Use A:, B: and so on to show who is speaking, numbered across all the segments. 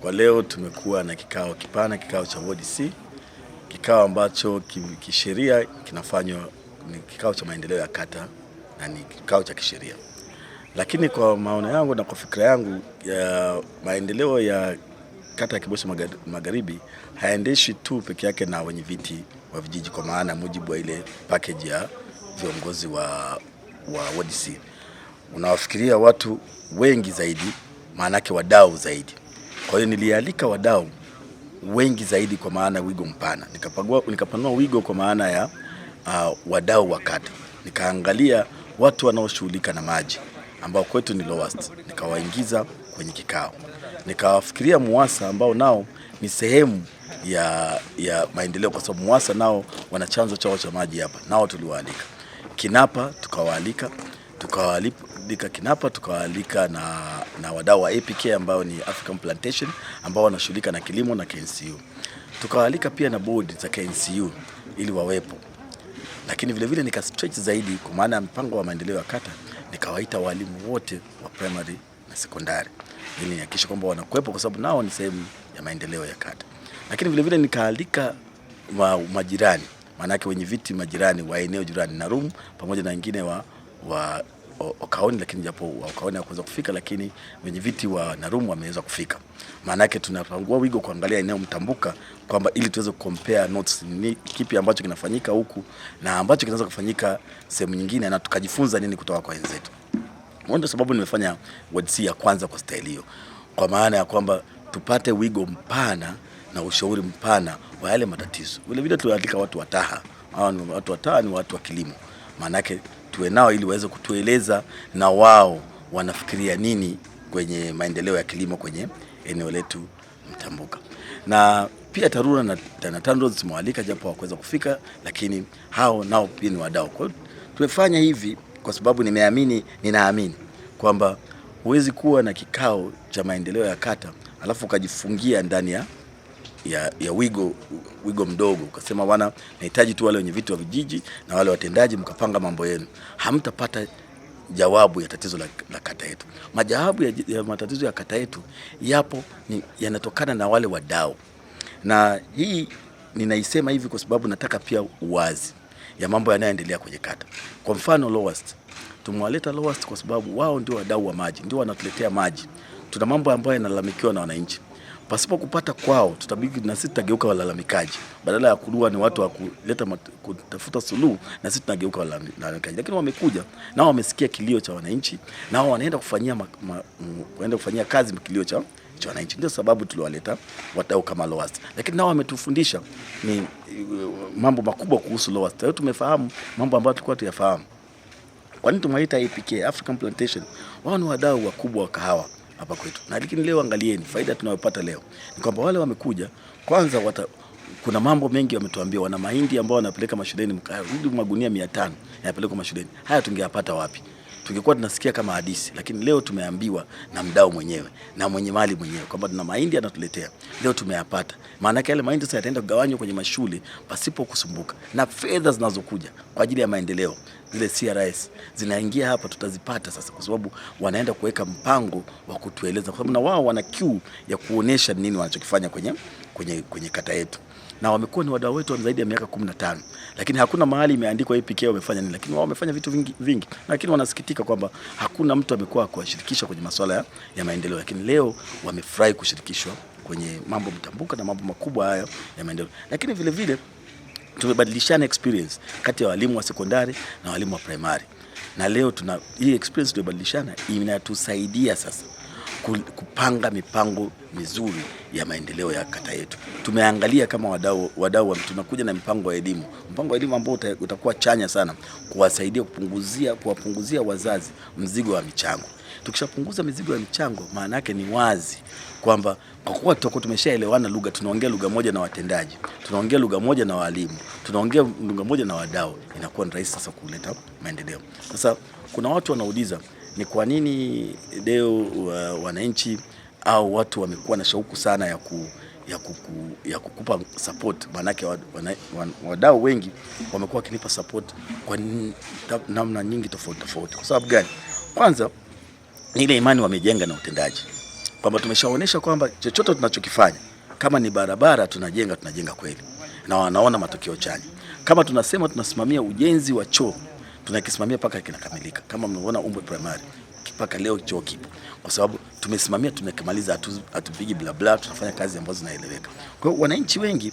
A: Kwa leo tumekuwa na kikao kipana, kikao cha wodi C, kikao ambacho kisheria kinafanywa ni kikao cha maendeleo ya kata na ni kikao cha kisheria, lakini kwa maono yangu na kwa fikra yangu ya maendeleo ya kata ya Kibosho Magharibi hayaendeshwi tu peke yake na wenye viti wa vijiji, kwa maana mujibu wa ile package ya viongozi wa, wa wodi C unawafikiria watu wengi zaidi, maanake wadau zaidi. Kwa hiyo nilialika wadau wengi zaidi kwa maana wigo mpana, nikapagua nikapanua wigo kwa maana ya uh, wadau wa kata, nikaangalia watu wanaoshughulika na maji ambao kwetu ni lowest, nikawaingiza kwenye kikao, nikawafikiria MUWASA ambao nao ni sehemu ya, ya maendeleo kwa sababu MUWASA nao wana chanzo chao cha maji hapa, nao tuliwaalika. KINAPA tukawaalika, tukawalipa Dika Kinapa, tukawaalika na, na wadau wa APK ambao ni African Plantation ambao wanashughulika na kilimo na KNCU. Tukawaalika pia na board za KNCU ili wawepo, lakini vile vile nika stretch zaidi kwa maana ya mpango wa maendeleo ya kata, nikawaita walimu wote wa primary na sekondari ili nihakikishe kwamba wanakuwepo kwa sababu nao ni sehemu ya maendeleo ya kata, lakini vile vile nikaalika wa majirani maanake wenye viti majirani wa eneo jirani na room pamoja na wengine wa, wa Wakaoni, lakini japo Wakaoni hawakuweza kufika, lakini wenye viti wa Narumu wameweza kufika. Maana yake tunapangua wigo kuangalia eneo mtambuka, kwamba ili tuweze compare notes, ni kipi ambacho kinafanyika huku na ambacho kinaweza kufanyika sehemu nyingine, na tukajifunza nini kutoka kwa wenzetu. Ndio sababu nimefanya C ya kwanza kwa staili hiyo, kwa maana ya kwamba tupate wigo mpana na ushauri mpana wa yale matatizo. Vile vile tulialika watu wa TAHA. Hawa ni watu wa TAHA, ni watu wa kilimo, maana yake tuwe nao ili waweze kutueleza na wao wanafikiria nini kwenye maendeleo ya kilimo kwenye eneo letu mtambuka. Na pia TARURA na, na TANROADS tumewaalika japo hawakuweza kufika, lakini hao nao pia ni wadau. Kwa hiyo tumefanya hivi kwa sababu nimeamini, ninaamini kwamba huwezi kuwa na kikao cha maendeleo ya kata alafu ukajifungia ndani ya ya, ya wigo wigo mdogo, ukasema bwana, nahitaji tu wale wenye vitu wa vijiji na wale watendaji, mkapanga mambo yenu, hamtapata jawabu ya tatizo la, la kata yetu. Majawabu ya, ya matatizo ya kata yetu yapo, yanatokana na wale wadau, na hii ninaisema hivi kwa sababu nataka pia uwazi ya mambo yanayoendelea kwenye kata. Kwa mfano lowest, tumewaleta lowest kwa sababu wao ndio wadau wa maji, ndio wanatuletea maji. Tuna mambo ambayo yanalalamikiwa na wananchi pasipo kupata kwao, tutabiki na sisi tutageuka walalamikaji, badala ya kulua ni watu wa kuleta kutafuta suluhu, na sisi tunageuka walalamikaji. Lakini wamekuja nao, wamesikia kilio cha wananchi, nao wanaenda kufanyia ma, ma, wanaenda kufanyia kazi kilio cha cha wananchi. Ndio sababu tuliwaleta wadau kama Lowassa, lakini nao wametufundisha ni mambo makubwa kuhusu Lowassa. Tayari tumefahamu mambo ambayo tulikuwa tuyafahamu. Kwa nini tumewaita APK African Plantation? Wao ni wadau wakubwa wa kahawa hapa kwetu. Na lakini leo angalieni faida tunayopata leo ni kwamba wale wamekuja kwanza wata, kuna mambo mengi wametuambia, wana mahindi ambao wanapeleka mashuleni, magunia 500 yanapelekwa mashuleni. Haya tungeyapata wapi? tungekuwa tunasikia kama hadisi, lakini leo tumeambiwa na mdau mwenyewe na mwenye mali mwenyewe kwamba tuna mahindi anatuletea leo, tumeyapata. Maana yake yale mahindi sasa yataenda kugawanywa kwenye mashule pasipo kusumbuka, na fedha zinazokuja kwa ajili ya maendeleo zile CRS zinaingia hapa, tutazipata sasa, kwa sababu wanaenda kuweka mpango wa kutueleza, kwa sababu na wao wana kiu ya kuonesha nini wanachokifanya kwenye, kwenye, kwenye kata yetu na wamekuwa ni wadau wetu zaidi ya miaka 15, lakini hakuna mahali imeandikwa hii wamefanya nini, lakini wao wamefanya vitu vingi vingi, lakini wanasikitika kwamba hakuna mtu amekuwa kuwashirikisha kwenye masuala ya, ya maendeleo, lakini leo wamefurahi kushirikishwa kwenye mambo mtambuka na mambo makubwa hayo ya maendeleo, lakini vile vile tumebadilishana experience kati ya walimu wa sekondari na walimu wa primary, na leo tuna hii experience tumebadilishana, inatusaidia sasa kupanga mipango mizuri ya maendeleo ya kata yetu. Tumeangalia kama wadau wadau, tunakuja na mpango wa elimu, mpango wa elimu ambao utakuwa chanya sana kuwasaidia kupunguzia, kuwapunguzia wazazi mzigo wa michango. Tukishapunguza mizigo ya michango, maana yake ni wazi kwamba kwa kuwa tutakuwa tumeshaelewana lugha, tunaongea lugha moja na watendaji, tunaongea lugha moja na walimu, tunaongea lugha moja na wadau, inakuwa ni rahisi sasa kuleta maendeleo. Sasa kuna watu wanauliza ni kwa nini leo wananchi au watu wamekuwa na shauku sana ya, ku, ya, kuku, ya kukupa support. Maanake wadau wengi wamekuwa wakinipa support kwa namna nyingi tofauti tofauti. Kwa sababu gani? Kwanza ni ile imani wamejenga na utendaji, kwamba tumeshaonyesha kwamba chochote tunachokifanya kama ni barabara tunajenga, tunajenga kweli, na wanaona matokeo chanya. Kama tunasema tunasimamia ujenzi wa choo tunakisimamia mpaka kinakamilika. Kama mnaona Umbwe Primary mpaka leo choo kipo kwa sababu tumesimamia, tumekimaliza, hatupigi blabla, tunafanya kazi ambazo zinaeleweka. Kwa hiyo wananchi wengi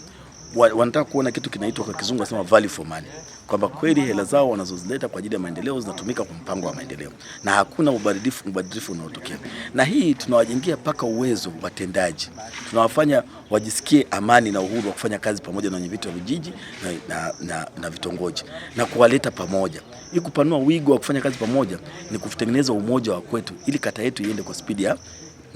A: wanataka kuona kitu kinaitwa kwa kizungu nasema value for money, kwamba kweli hela zao wanazozileta kwa ajili ya maendeleo zinatumika kwa mpango wa maendeleo na hakuna ubadilifu ubadilifu unaotokea. Na hii tunawajengia mpaka uwezo watendaji, tunawafanya wajisikie amani na uhuru wa kufanya kazi pamoja na wenyeviti wa vijiji na, na, na, na vitongoji na kuwaleta pamoja. Ili kupanua wigo wa kufanya kazi pamoja ni kutengeneza umoja wa kwetu, ili kata yetu iende kwa spidi ya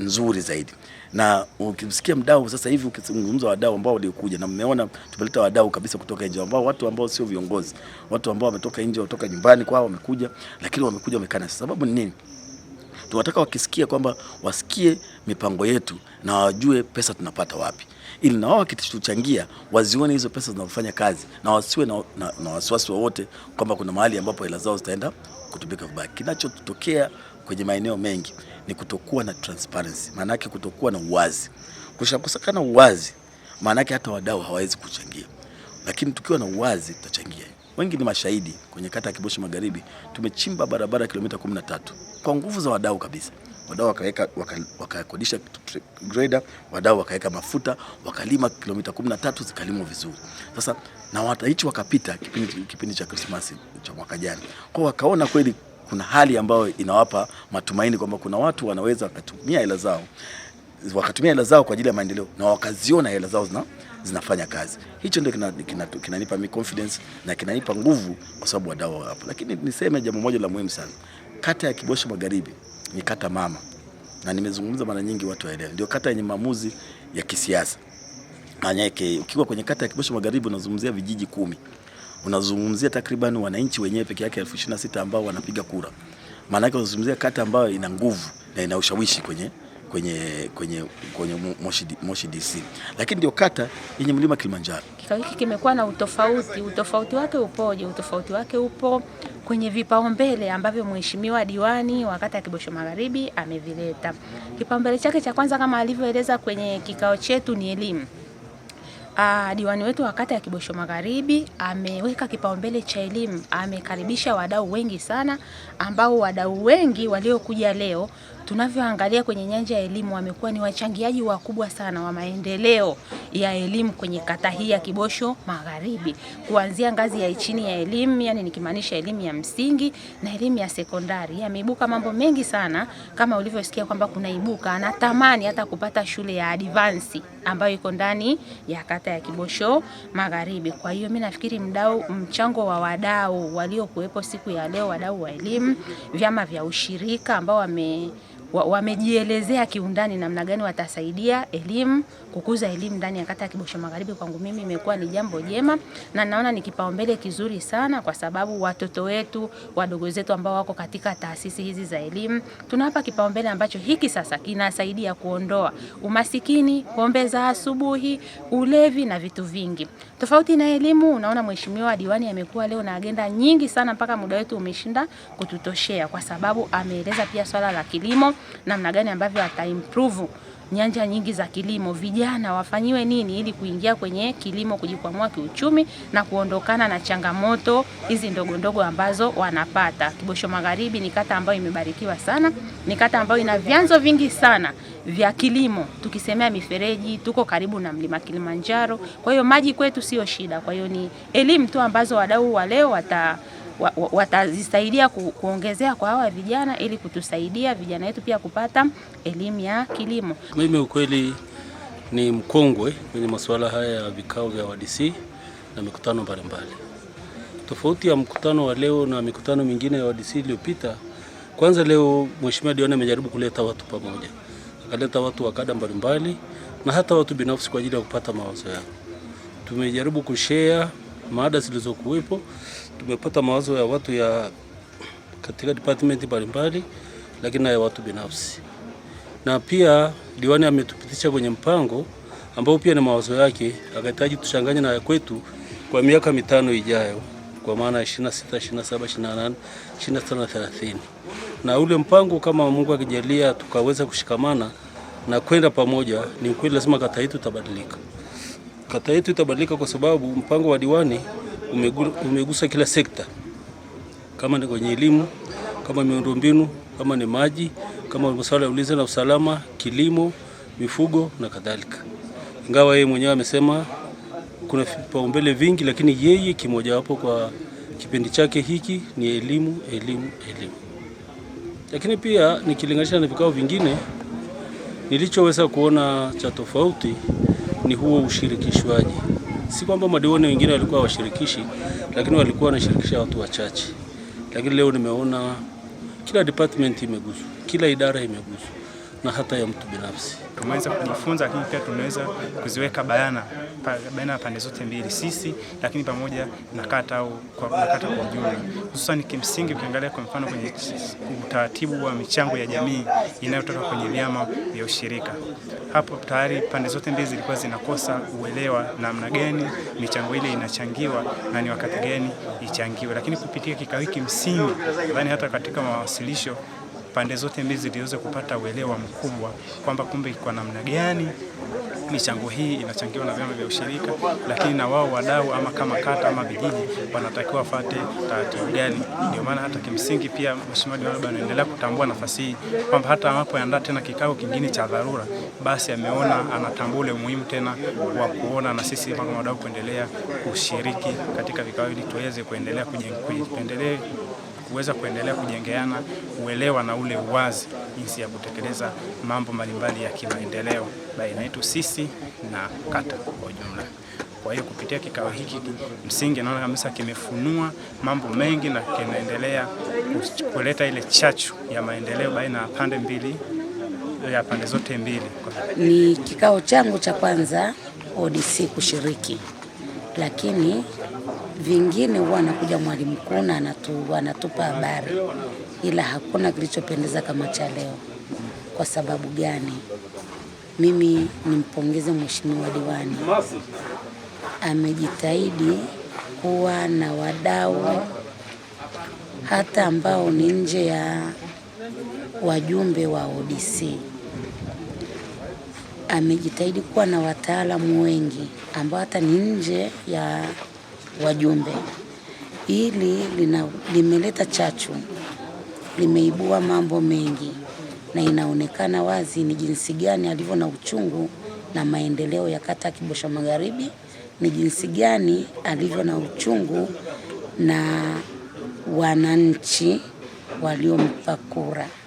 A: nzuri zaidi. Na ukimsikia mdau sasa hivi, ukizungumza wadau ambao walikuja na mmeona, tumeleta wadau kabisa kutoka nje, ambao watu ambao sio viongozi, watu ambao wametoka nje, kutoka nyumbani kwao wamekuja, lakini wamekuja wamekana. Sababu ni nini? Tunataka wakisikia kwamba wasikie mipango yetu na wajue pesa tunapata wapi, ili na wao wakituchangia wazione hizo pesa zinafanya kazi na wasiwe na, na, na wasiwasi wowote kwamba kuna mahali ambapo hela zao zitaenda kutumika vibaya. Kinachotokea kwenye maeneo mengi ni kutokuwa na transparency, maana yake kutokuwa na uwazi. Kushakosekana uwazi, maana yake hata wadau hawawezi kuchangia, lakini tukiwa na uwazi tutachangia. Wengi ni mashahidi, kwenye kata ya Kiboshi Magharibi tumechimba barabara kilomita 13 kwa nguvu za wadau kabisa. Wadau wakaweka wakakodisha waka grader, wadau wakaweka mafuta, wakalima kilomita 13 zikalimwa vizuri. Sasa na wananchi wakapita kipindi kipindi cha Krismasi cha mwaka jana, kwa wakaona kweli kuna hali ambayo inawapa matumaini kwamba kuna watu wanaweza wakatumia hela zao wakatumia hela zao kwa ajili ya maendeleo na wakaziona hela zao zina, zinafanya kazi.
B: Hicho ndio kinanipa kina, kina, mi confidence na kinanipa nguvu, kwa sababu wadau hapo. Lakini niseme jambo moja la muhimu sana, kata ya Kibosho Magharibi ni kata mama, na nimezungumza mara nyingi, watu waelewe, ndio kata yenye maamuzi ya kisiasa maana yake ukiwa kwenye kata ya Kibosho Magharibi unazungumzia vijiji kumi unazungumzia takriban wananchi wenyewe peke yake elfu ishirini na sita ambao wanapiga kura. Maana yake unazungumzia kata ambayo ina nguvu na ina ushawishi kwenye kwenye kwenye kwenye Moshi, Moshi DC, lakini ndio kata yenye mlima Kilimanjaro. Kikao hiki kimekuwa na utofauti. Utofauti wake upoje? Utofauti wake upo kwenye vipaumbele ambavyo mheshimiwa diwani wa kata ya Kibosho Magharibi amevileta. Kipaumbele chake cha kwanza kama alivyoeleza kwenye kikao chetu ni elimu. Uh, diwani wetu wa kata ya Kibosho Magharibi ameweka kipaumbele cha elimu, amekaribisha wadau wengi sana ambao wadau wengi waliokuja leo tunavyoangalia kwenye nyanja ya elimu wamekuwa ni wachangiaji wakubwa sana wa maendeleo ya elimu kwenye kata hii ya Kibosho Magharibi, kuanzia ngazi ya chini ya elimu, yani nikimaanisha elimu ya msingi na elimu ya sekondari. Yameibuka mambo mengi sana, kama ulivyosikia kwamba kuna ibuka anatamani hata kupata shule ya advance ambayo iko ndani ya kata ya Kibosho Magharibi. Kwa hiyo mimi nafikiri mdau, mchango wa wadau waliokuwepo siku ya leo, wadau wa elimu, vyama vya ushirika ambao wame wamejielezea kiundani namna gani watasaidia elimu kukuza elimu ndani ya kata ya Kibosho Magharibi. Kwangu mimi imekuwa ni jambo jema na naona ni kipaumbele kizuri sana, kwa sababu watoto wetu wadogo zetu ambao wako katika taasisi hizi za elimu tunawapa kipaumbele ambacho hiki sasa kinasaidia kuondoa umasikini, pombe za asubuhi, ulevi na vitu vingi. Tofauti na elimu, unaona mheshimiwa diwani amekuwa leo na agenda nyingi sana mpaka muda wetu umeshinda kututoshea, kwa sababu ameeleza pia swala la kilimo namna gani ambavyo ataimprove
C: nyanja nyingi za kilimo, vijana wafanyiwe nini ili kuingia kwenye kilimo, kujikwamua kiuchumi na kuondokana na changamoto hizi ndogo ndogo ambazo wanapata. Kibosho Magharibi ni kata ambayo imebarikiwa sana, ni kata ambayo ina vyanzo vingi sana vya kilimo, tukisemea mifereji, tuko karibu na mlima Kilimanjaro. Kwa hiyo maji kwetu sio shida. Kwa hiyo ni elimu tu ambazo wadau wa leo wata watazisaidia ku, kuongezea kwa hawa vijana ili kutusaidia vijana wetu pia kupata elimu ya kilimo. Mimi ukweli ni mkongwe kwenye masuala haya ya vikao vya WDC na mikutano mbalimbali. Tofauti ya mkutano wa leo na mikutano mingine ya WDC iliyopita, kwanza leo Mheshimiwa Dione amejaribu kuleta watu pamoja, akaleta watu wa kada mbalimbali na hata watu binafsi kwa ajili ya kupata mawazo yao. Tumejaribu kushare mada zilizokuwepo tumepata mawazo ya watu ya katika department mbalimbali, lakini na ya watu binafsi, na pia diwani ametupitisha kwenye mpango ambao pia ni mawazo yake, akahitaji tuchanganye na kwetu kwa miaka mitano ijayo, kwa maana 26, 27, 28, 29, 30. Na ule mpango kama Mungu akijalia tukaweza kushikamana na kwenda pamoja, ni kweli lazima kata yetu itabadilika. Kata yetu itabadilika kwa sababu mpango wa diwani umegusa kila sekta, kama ni kwenye elimu, kama miundombinu, kama ni maji, kama masuala ya ulinzi na usalama, kilimo,
D: mifugo na kadhalika. Ingawa yeye mwenyewe amesema kuna vipaumbele vingi, lakini yeye kimojawapo kwa kipindi chake hiki ni elimu, elimu, elimu. Lakini pia nikilinganisha na vikao vingine, nilichoweza kuona cha tofauti ni huo ushirikishwaji. Si kwamba madiwani wengine walikuwa washirikishi, lakini walikuwa wanashirikisha watu wachache. Lakini leo nimeona kila department imeguswa, kila idara imeguswa na hata ya mtu binafsi. Tumeweza kujifunza, lakini pia tumeweza kuziweka bayana baina ya pande zote mbili, sisi lakini pamoja na kata au kwa kata kwa ujumla, hususan kimsingi, ukiangalia kwa mfano kwenye utaratibu wa michango ya jamii inayotoka kwenye vyama vya ushirika, hapo tayari pande zote mbili zilikuwa zinakosa uelewa namna gani michango ile inachangiwa na ni wakati gani ichangiwe, lakini kupitia kikao hiki msingi, nadhani hata katika mawasilisho pande zote mbili ziliweza kupata uelewa mkubwa kwamba kumbe kwa namna gani michango hii inachangiwa na vyama vya ushirika, lakini na wao wadau ama kama kata ama vijiji wanatakiwa wafate taratibu gani. Ndio maana hata kimsingi pia Mheshimiwa Diwani bado anaendelea kutambua nafasi hii kwamba hata anapoandaa tena kikao kingine cha dharura,
E: basi ameona anatambua ule umuhimu tena wa kuona na sisi kama wadau kuendelea kushiriki katika vikao ili tuweze kuendelea kuendelea kuweza kuendelea kujengeana uelewa na ule uwazi jinsi ya kutekeleza mambo mbalimbali ya kimaendeleo baina yetu sisi na kata kwa ujumla. Kwa hiyo kupitia kikao hiki msingi, naona kabisa kimefunua mambo mengi na kinaendelea kuleta ile chachu ya maendeleo baina ya pande mbili ya pande zote mbili. Ni kikao changu cha kwanza ODC kushiriki, lakini vingine huwa anakuja mwalimu mkuu na anatu, anatupa habari, ila hakuna kilichopendeza kama cha leo. Kwa sababu gani? Mimi nimpongeze mheshimiwa diwani, amejitahidi kuwa na wadau hata ambao ni nje ya wajumbe wa ODC. Amejitahidi kuwa na wataalamu wengi ambao hata ni nje ya wajumbe. Hili limeleta chachu, limeibua mambo mengi na inaonekana wazi ni jinsi gani alivyo na uchungu na maendeleo ya kata ya Kibosho Magharibi, ni jinsi gani alivyo na uchungu na wananchi waliompa kura.